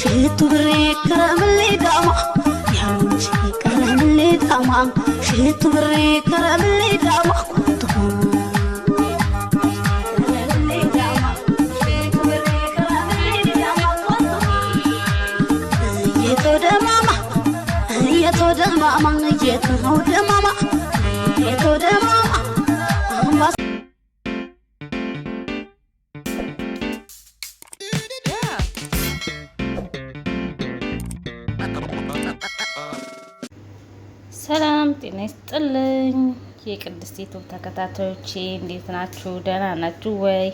ሽቱ ብሬ ከረምሌ ዳማ ያንቺ ከረምሌ ዳማ ሽቱ ብሬ ከረምሌ ዳማ Mama, you told ጤና ይስጥልኝ የቅድስት ዩቱብ ተከታታዮቼ እንዴት ናችሁ? ደህና ናችሁ ወይ?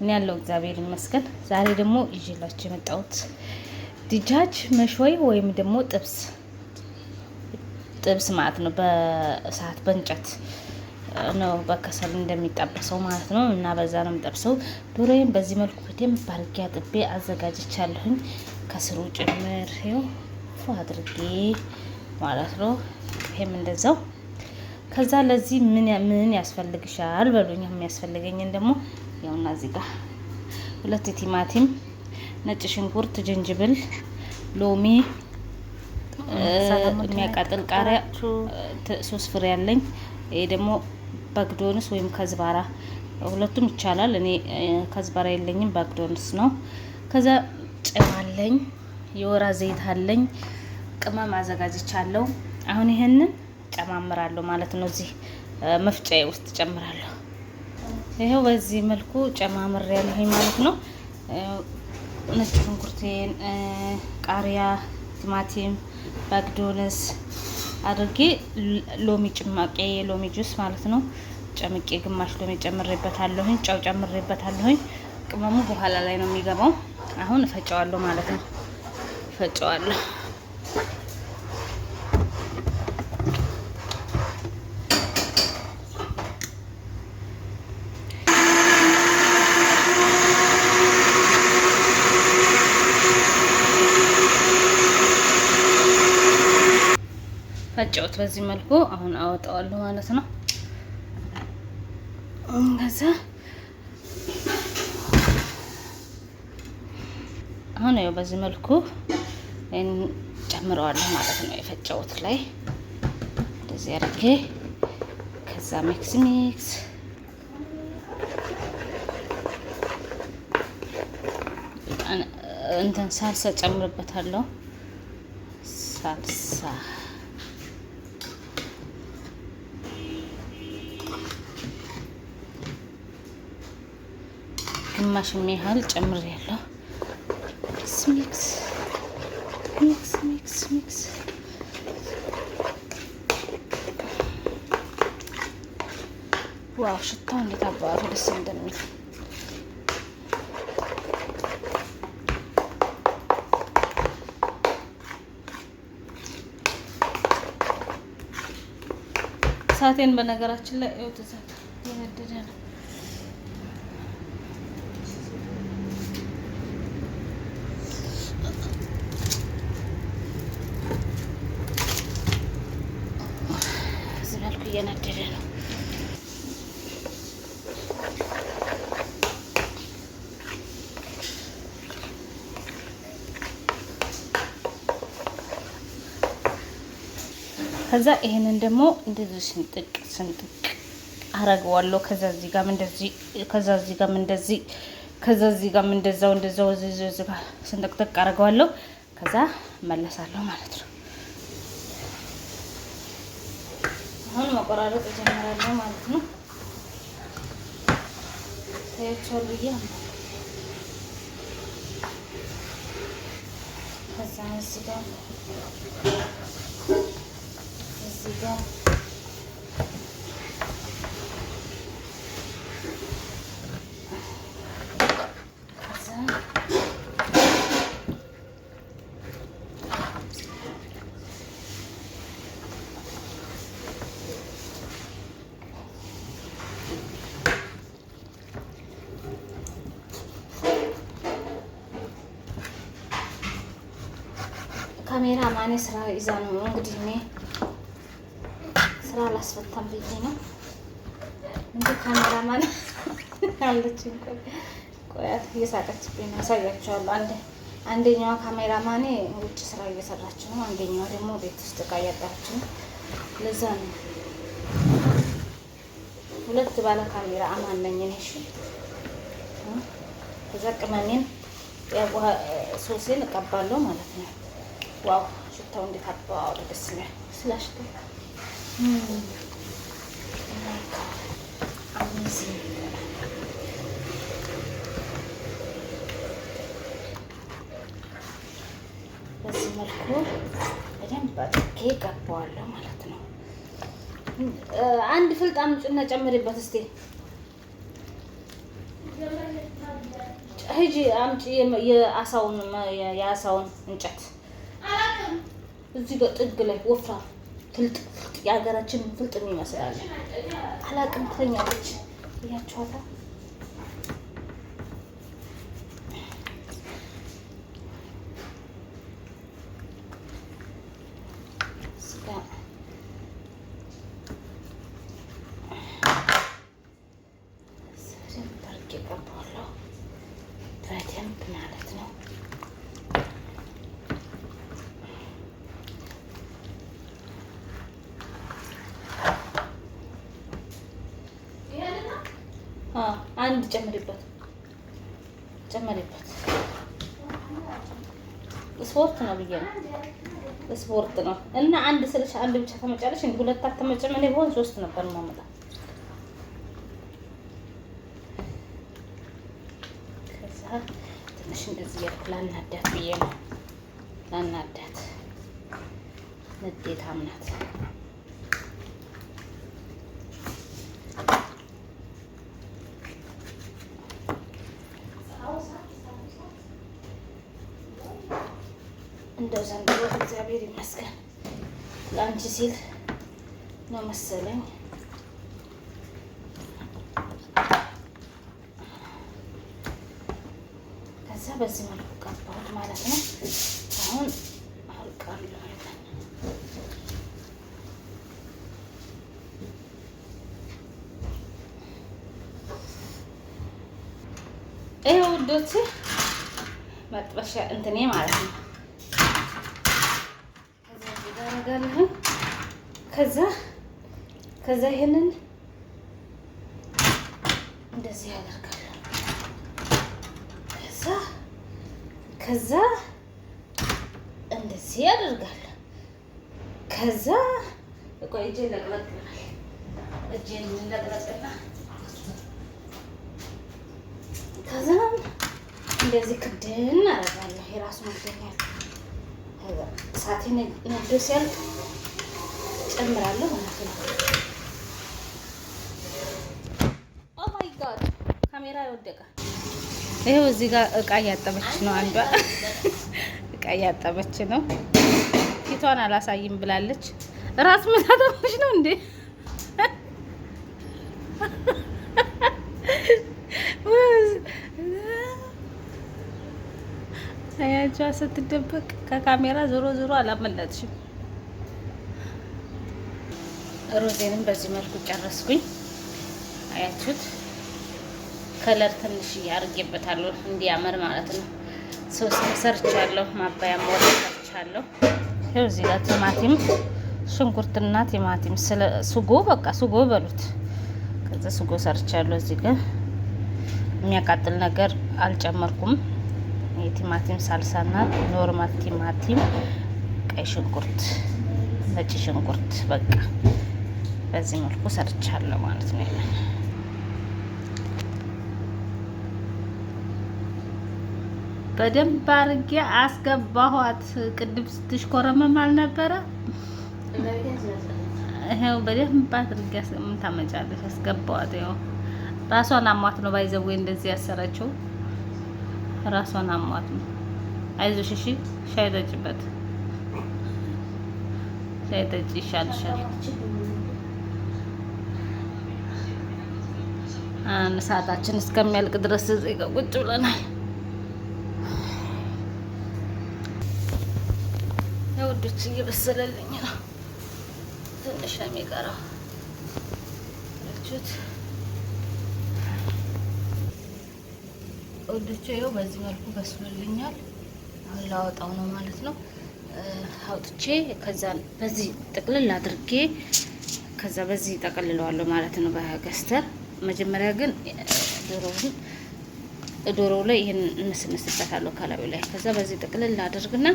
እኔ ያለው እግዚአብሔር ይመስገን። ዛሬ ደግሞ ይዤላችሁ የመጣሁት ድጃጅ መሾይ ወይም ደግሞ ጥብስ ጥብስ ማለት ነው። በእሳት በእንጨት ነው በከሰል እንደሚጠበሰው ማለት ነው እና በዛ ነው የምጠብሰው። ዶሮዬን በዚህ መልኩ በደንብ ባርጌ አጥቤ አዘጋጅቻለሁኝ። ከስሩ ጭምር ይኸው አድርጌ ማለት ነው። ይሄም እንደዛው ከዛ ለዚህ ምን ምን ያስፈልግሻል በሉኝ። የሚያስፈልገኝን ደግሞ ያውና እዚህ ጋር ሁለት ቲማቲም፣ ነጭ ሽንኩርት፣ ጅንጅብል፣ ሎሚ፣ የሚያቃጥል ቃሪያ ሶስት ፍሬ ያለኝ ይሄ ደግሞ ባግዶንስ ወይም ከዝባራ ሁለቱም ይቻላል። እኔ ከዝባራ የለኝም ባግዶንስ ነው። ከዛ ጨው የወራ ዘይት አለኝ ቅመም አዘጋጅቻለሁ። አሁን ይህንን ጨማምራለሁ ማለት ነው። እዚህ መፍጫዬ ውስጥ ጨምራለሁ። ይሄው በዚህ መልኩ ጨማምር ያለሁኝ ማለት ነው። ነጭ ሽንኩርቴን፣ ቃሪያ፣ ቲማቲም፣ ባግዶነስ አድርጌ ሎሚ ጭማቂ ሎሚ ጁስ ማለት ነው ጨምቄ ግማሽ ሎሚ ጨምሬበታለሁኝ። ጨው ጨምሬበታለሁኝ። ቅመሙ በኋላ ላይ ነው የሚገባው። አሁን እፈጨዋለሁ ማለት ነው። እፈጨዋለሁ አወጣሁት። በዚህ መልኩ አሁን አወጣዋለሁ ማለት ነው። ከዛ አሁን ያው በዚህ መልኩ ጨምረዋለሁ ማለት ነው። የፈጨሁት ላይ እንደዚህ አድርጌ ከዛ ሚክስ ሚክስ እንትን ሳልሳ ጨምርበታለሁ። ሳልሳ ግማሽ ያህል ጨምር ያለው ሚክስ ሚክስ ሚክስ ሚክስ ሚክስ ዋው ሽታው እንዴት አባቱ ደስ እንደሚል ሳቴን በነገራችን ላይ ያው ትዛት የነደደ ነው። እየነደደ ነው። ከዛ ይሄንን ደግሞ እንደዚህ ስንጥቅ ስንጥቅ አረገዋለሁ። ከዛ እዚህ ጋር እንደዚህ ከዛ እዚህ ጋር እንደዚህ ከዛ እዚህ ጋር እንደዛው እንደዛው እዚህ ጋር ስንጥቅጥቅ አረገዋለሁ። ከዛ መለሳለሁ ማለት ነው። አሁን መቆራረጥ እጀምራለሁ ማለት ነው። ታያችኋል ብዬ ከዛ እዚህ ጋር እዚህ ጋር ካሜራ ማኔ ስራ ይዛ ነው እንግዲህ እኔ ስራ አላስፈታም ብዬ ነው እንጂ ካሜራ ማን አለች። ቆያት እየሳቀችብኝ ነው። ያሳያቸዋሉ። አንድ አንደኛዋ ካሜራ ማኔ ውጭ ስራ እየሰራች ነው፣ አንደኛዋ ደግሞ ቤት ውስጥ እቃ እያጠራች ነው። ለዛ ነው ሁለት ባለ ካሜራ አማን ነኝ እኔ። እሺ ከዛ ቅመሜን ሶሴን እቀባለሁ ማለት ነው። ዋው ሽታው እንዴት አባው ደስ ይላል። ስላሽታ በዚህ መልኩ በደንብ አጥቄ ቀባዋለሁ ማለት ነው። አንድ ፍልጥ ጨምሪበት እስቲ ሂጂ አምጪ የአሳውን የአሳውን እንጨት እዚህ በጥግ ላይ ወፍራም ፍልጥ የሀገራችን ፍልጥ ይመስላል። አላቅም ትለኛለች እያችኋታ በደንብ ማለት ነው። አንድ ጨምሪበት፣ ጨምሪበት። ስፖርት ነው ብዬ ነው ስፖርት ነው እና አንድ ስልሽ አንድ ብቻ ተመጫለሽ። እንግዲህ ሁለት አትመጭም። እኔ ቢሆን ሶስት ነበር ማመጣ ከዛ ትንሽ እንደዚህ ያልኩ ላናዳት ብዬ ነው ላናዳት ንዴታም ናት። እንደው ዘንድሮ እግዚአብሔር ይመስገን ለአንቺ ሲል ነው መሰለኝ ከዛ በዚህ መልኩ ቀባሁት ማለት ነው። አሁን አልቃለሁ ይሄ ውዶቼ መጥበሻ እንትኔ ማለት ነው። ከዛ ከዛ ይሄንን እንደዚህ ያደርጋለሁ። ከዛ ከዛ እንደዚህ ያደርጋለሁ። ከዛ እኮ እጄን ለቅለቅ እጄን ለቅለቅና ከዛ እንደዚህ ክድን አደርጋለሁ። የራሱ መገኛል ሳቴ ነዶ ሲያልቅ እጨምራለሁ ማለት ነው። ኦ ማይ ጋድ ካሜራ ይወደቀ። ይሄው እዚህ ጋር እቃ እያጠበች ነው አንዷ እቃ እያጠበች ነው። ፊቷን አላሳይም ብላለች። ራስ ምታጠበች ነው እንዴ? አያጇ ስትደበቅ ከካሜራ ዞሮ ዞሮ አላመለጥሽም። ሮዜንም በዚህ መልኩ ጨረስኩኝ። አያችሁት? ከለር ትንሽ እያርጌበታለሁ እንዲያምር ማለት ነው። ሰውስም ሰርቻለሁ፣ ማባያ ወጥ ሰርቻለሁ። ይኸው እዚህ ጋር ቲማቲም፣ ሽንኩርትና ቲማቲም ስለ ሱጎ በቃ ሱጎ በሉት። ከዚ ሱጎ ሰርቻለሁ። እዚህ ጋር የሚያቃጥል ነገር አልጨመርኩም። የቲማቲም ሳልሳና ኖርማል ቲማቲም፣ ቀይ ሽንኩርት፣ ነጭ ሽንኩርት በቃ በዚህ መልኩ ሰርቻለሁ ማለት ነው። በደንብ አድርጌ አስገባኋት። ቅድም ስትሽኮረመም አልነበረ? ይኸው በደንብ አድርጌ ምን ታመጫለሽ? አስገባኋት። ይኸው ራሷን አሟት ነው ባይዘዌ እንደዚህ ያሰረችው ራሷን አሟት ነው። አይዞሽ፣ እሺ፣ ሻይ ጠጪበት፣ ሻይ ጠጪ፣ ይሻልሻል። ሰዓታችን እስከሚያልቅ ድረስ እዚህ ጋር ቁጭ ብለናል። የውዶች እየበሰለልኝ ነው፣ ትንሽ የሚቀረው ት ውዶች ይኸው በዚህ መልኩ በስሎልኛል። አሁን ላወጣው ነው ማለት ነው። አውጥቼ ከዛ በዚህ ጥቅልል አድርጌ ከዛ በዚህ ጠቀልለዋለሁ ማለት ነው በገስተር መጀመሪያ ግን ዶሮውን ዶሮው ላይ ይህን እንስንስበታለሁ ከላዩ ላይ ከዛ በዚህ ጥቅልል አድርግና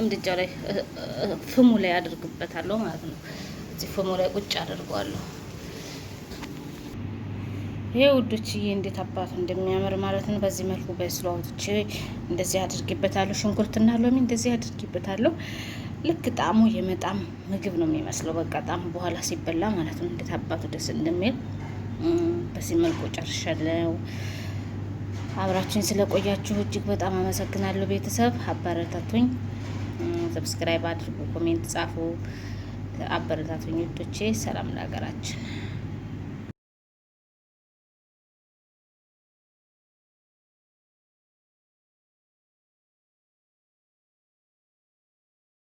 እምድጃው ላይ ፍሙ ላይ አድርግበታለሁ ማለት ነው። እዚህ ፍሙ ላይ ቁጭ አድርገዋለሁ። ይሄ ውዶችዬ እንዴት አባቱ እንደሚያምር ማለት ነው። በዚህ መልኩ በስሎ አውጥቼ እንደዚህ አድርጊበታለሁ። ሽንኩርትና ሎሚ እንደዚህ አድርጊበታለሁ። ልክ ጣዕሙ የመጣም ምግብ ነው የሚመስለው። በቃ ጣዕሙ በኋላ ሲበላ ማለት ነው እንዴት አባቱ ደስ እንደሚል በዚህ መልኩ ጨርሻለሁ። አብራችን ስለቆያችሁ እጅግ በጣም አመሰግናለሁ። ቤተሰብ አበረታቱኝ፣ ሰብስክራይብ አድርጉ፣ ኮሜንት ጻፉ፣ አበረታቱኝ ውዶቼ። ሰላም ለሀገራችን።